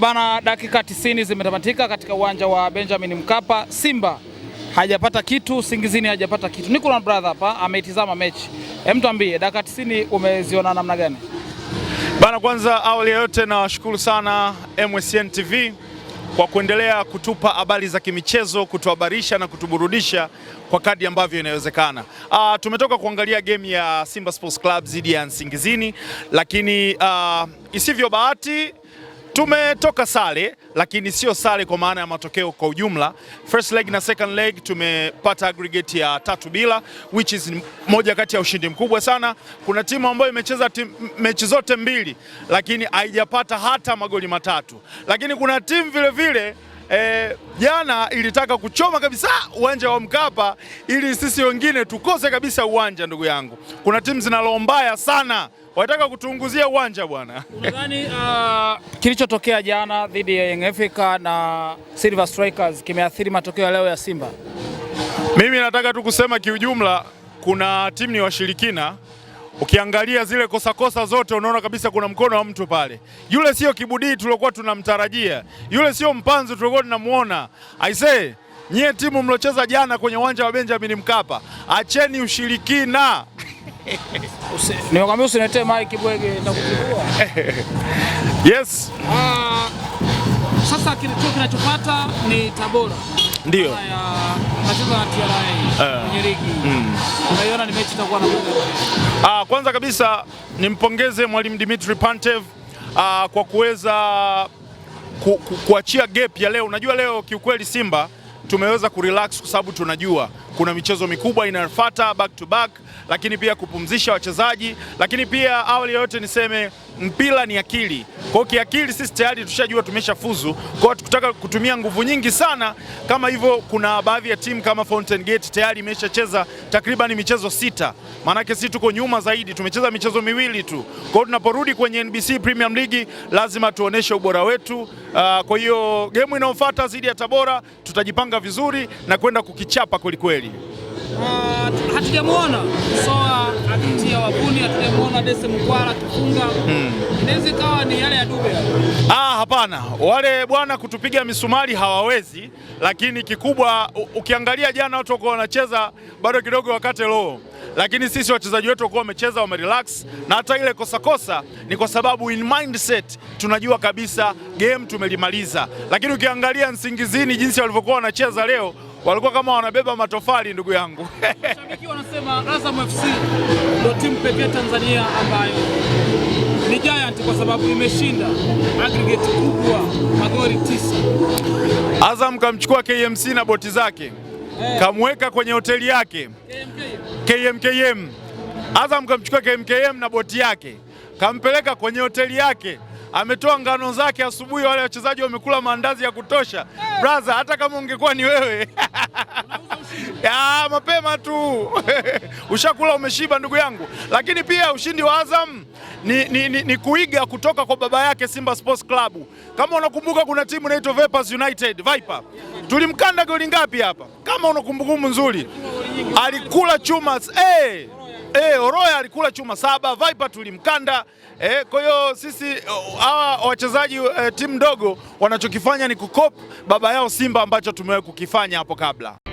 Bana, dakika 90 zimetamatika katika uwanja wa Benjamin Mkapa. Simba hajapata kitu, Singizini hajapata kitu. Niko na brother hapa ameitizama mechi. Hem, tuambie dakika 90 umeziona namna gani? Bana, kwanza awali ya yote nawashukuru sana MSN TV kwa kuendelea kutupa habari za kimichezo, kutuhabarisha na kutuburudisha kwa kadi ambavyo inawezekana. Uh, tumetoka kuangalia game ya Simba Sports Club dhidi ya Singizini, lakini uh, isivyo bahati Tumetoka sare lakini sio sare kwa maana ya matokeo kwa ujumla. First leg na second leg tumepata aggregate ya tatu bila, which is moja kati ya ushindi mkubwa sana. Kuna timu ambayo imecheza mechi zote mbili lakini haijapata hata magoli matatu, lakini kuna timu vilevile Eh, jana e, ilitaka kuchoma kabisa uwanja wa Mkapa ili sisi wengine tukose kabisa uwanja. Ndugu yangu, kuna timu zinalombaya mbaya sana, wanataka kutuunguzia uwanja bwana. Unadhani uh, kilichotokea jana dhidi ya Young Africa na Silver Strikers kimeathiri matokeo ya leo ya Simba? Mimi nataka tu kusema kiujumla, kuna timu ni washirikina Ukiangalia zile kosakosa kosa zote unaona kabisa kuna mkono wa mtu pale. Yule sio Kibudii tuliokuwa tunamtarajia, yule sio Mpanzu tuliokuwa tunamwona. Aisee, nyie timu mliocheza jana kwenye uwanja wa Benjamin Mkapa, acheni ushirikina. Nimekwambia usinetee Mike Bwege nitakujua. Yes. Ah, sasa kilicho kinachofuata ni Tabora ndio eh. mm. ah, kwanza kabisa nimpongeze mwalimu Dimitri Pantev ah, kwa kuweza ku, ku, kuachia gap ya leo. Unajua leo kiukweli Simba tumeweza kurelax kwa sababu tunajua kuna michezo mikubwa inayofuata back to back, lakini pia kupumzisha wachezaji, lakini pia awali yote niseme mpira ni akili. Kwa kiakili sisi tayari tushajua tumeshafuzu. Kwa tukutaka kutumia nguvu nyingi sana kama hivyo, kuna baadhi ya timu kama Fountain Gate tayari imeshacheza takriban michezo sita, maanake sisi tuko nyuma zaidi, tumecheza michezo miwili tu. Kwa tunaporudi kwenye NBC Premier League lazima tuoneshe ubora wetu. Uh, kwa hiyo gemu inayofuata dhidi ya Tabora tutajipanga vizuri na kwenda kukichapa kwelikweli. Ah, uh, hatujamwona Soa ah, akitia wabuni, hatujamwona Dese Mkwara kifunga. Hmm. Inaweza ikawa ni yale ya Dube. Ah, hapana, wale bwana kutupiga misumari hawawezi, lakini kikubwa ukiangalia jana watu wako wanacheza bado kidogo wakate roho lakini sisi wachezaji wetu wakuwa wamecheza wamerelax, na hata ile kosa kosa ni kwa sababu in mindset tunajua kabisa game tumelimaliza. Lakini ukiangalia Nsingizini jinsi walivyokuwa wanacheza leo walikuwa kama wanabeba matofali, ndugu yangu. Mashabiki wanasema Azam FC ndio timu pekee Tanzania ambayo ni giant kwa sababu imeshinda aggregate kubwa magoli tisa. Azam kamchukua KMC na boti zake hey, eh. kamweka kwenye hoteli yake KMKM. KMKM. Azam kamchukua KMKM na boti yake kampeleka kwenye hoteli yake ametoa ngano zake asubuhi, wale wachezaji wamekula maandazi ya kutosha. Hey, brother, hata kama ungekuwa ni wewe ya, mapema tu ushakula umeshiba, ndugu yangu. Lakini pia ushindi wa Azam ni, ni, ni, ni kuiga kutoka kwa baba yake Simba Sports Club. Kama unakumbuka kuna timu inaitwa Vipers United, Viper tulimkanda goli ngapi hapa? Kama una kumbukumbu nzuri, alikula chuma hey. Eh, E, Oroya alikula chuma saba, Viper tulimkanda. E, kwa hiyo sisi hawa wachezaji e, timu ndogo wanachokifanya ni kukop baba yao Simba ambacho tumewahi kukifanya hapo kabla.